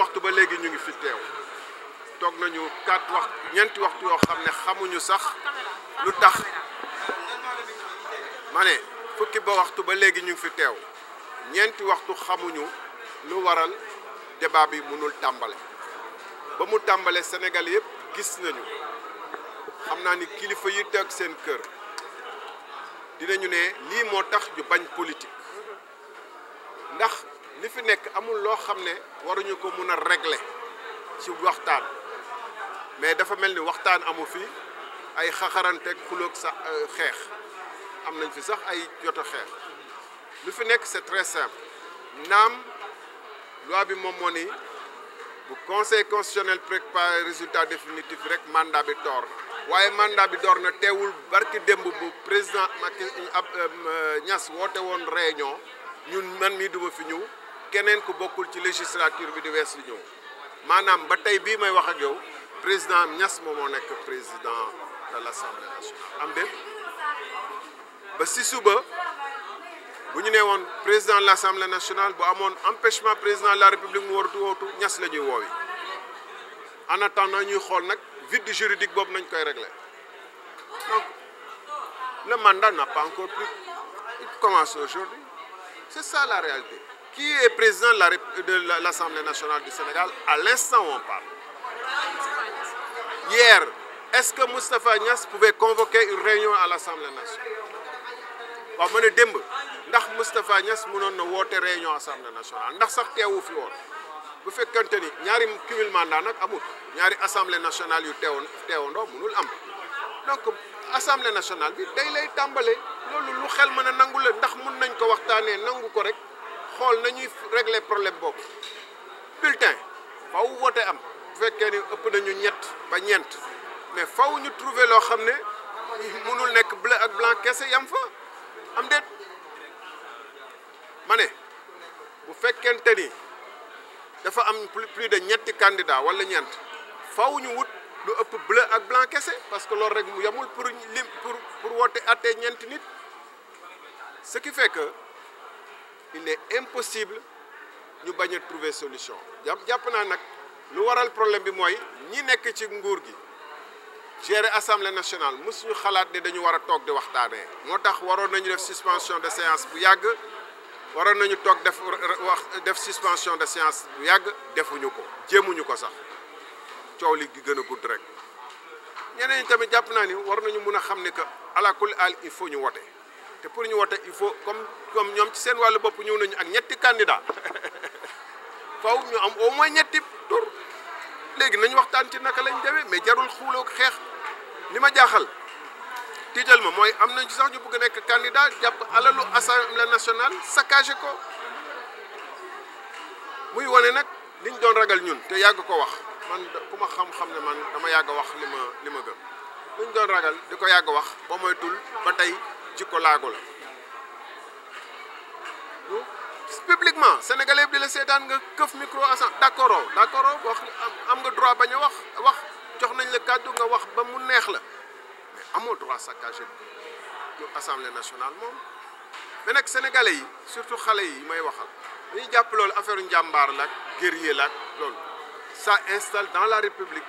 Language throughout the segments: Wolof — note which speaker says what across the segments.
Speaker 1: waxtu ba léegi ñu ngi fi teew toog nañu quatre waxtu ñeenti waxtu yoo xam ne xamuñu sax lu tax ma ne fukki ba waxtu ba léegi ñu ngi fi teew ñeenti waxtu xamuñu lu waral débat bi mënul tàmbale ba mu tàmbale senegal yëpp gis nañu xam naa ni kilifa yi toog seen kër dinañu ne lii moo tax ñu bañ politique fi nekk amul loo xam ne waruñu ko mun a régler ci waxtaan mais dafa mel ni waxtaan amu fi ay xaxaranteeg xuloog sax euh, xeex am nañ fi sax ay jota xeex lu fi nekk c'est très simple naam loi bi moom moo ni bu conseil constitutionnel préparé résultat définitif rek mandat bi door na waaye mandat bi door na teewul barki démb bu président Macky euh, Niass woote woon réunion ñun mën mii duma fi ñëw keneen ku bokkul ci législature bi di wees lu ñëw maanaam ba tey bii may wax ak yow président Niass moom moo nekk président de l' nationale am déet ba si suba bu ñu nee woon président de l' assemblée nationale bu amoon empêchement président de la république mu waratu wootu Niass la ñuy woowi en attendant ñuy xool nag vide juridique boobu nañ koy régler donc le mandat n'a pas encore pris il commence aujourd'hui c'est ça la réalité kii est président de l'Assemblée nationale du Sénégal à l'instant où on parle. Hier, est-ce que Moustapha Niass pouvait convoquer une réunion à l'Assemblée nationale waaw ma a démb ndax Moustapha Niass noon na woote réunion Assemblée nationale ndax sax teewu fi woon bu fekkante ni ñaari cumul mandat nag amul ñaari Assemblée nationale yu teewoon teewandoo mënul am donc Assemblée nationale bi day lay tàmbale loolu lu xel ma ne nangu la ndax mun nañ ko waxtaanee nangu ko rek xool nañuy régler problème boobu bulletin faw woote am bu fekkee ni ëpp nañu ñett ba ñeent mais faw ñu trouver loo xam ne mënul nekk bleu ak blanc kese yam fa am déet ma ne bu fekkente ni dafa am plus de ñetti candidat wala ñeent faw ñu wut lu ëpp bleu ak blanc kese parce que loolu rek mu yamul pour lim pour pour woote àttee ñeenti nit ce qui il est impossible ñu bañ a trouver solution jàpp jàpp naa nag lu waral problème bi mooy ñi nekk ci nguur gi gérer assemblée nationale mos ñu xalaat ne dañu war a toog di waxtaanee. moo tax waroon nañu def suspension de séance bu yàgg waroon nañu toog def def suspension de séance bu yàgg defuñu ko jéemuñu ko sax coow li gi gën a gudd rek ñeneen tamit jàpp naa ni war nañu mun a xam ne que alakul al il faut ñu wote. te pour ñu woote il faut comme comme ñoom ci seen wàllu bopp ñëw nañu ak ñetti candidat faw ñu am au mooy ñetti tur léegi nañ waxtaan ci naka lañ demee mais jarul xuuloo xeex li ma jaaxal tiital ma mooy am nañ ci sax ñu bëgg nekk candidat jàpp alalu assemblée nationale saccagé ko muy wone nag liñ doon ragal ñun te yàgg ko wax man ku ma xam-xam ne man dama yàgg wax li ma li ma gëm liñ doon ragal di ko yàgg wax ba moytul ma tey jikko laago la publiquement sénégalais bi di la seetaan nga këf micro asan d'accord oo d'accord wax am nga droit bañ a wax wax jox nañ la kàddu nga wax ba mu neex la mais amoo droit saccager ñu assemblée nationale moom mais nag sénégalais yi surtout xale yi may waxal dañuy jàpp loolu affaire u la ak guerrier laa ak loolu ça installe dans la république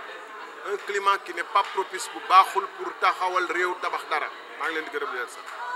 Speaker 1: climat qui ne pas propice bu baaxul pour taxawal réew tabax dara maa ngi leen di gërëm di leen sax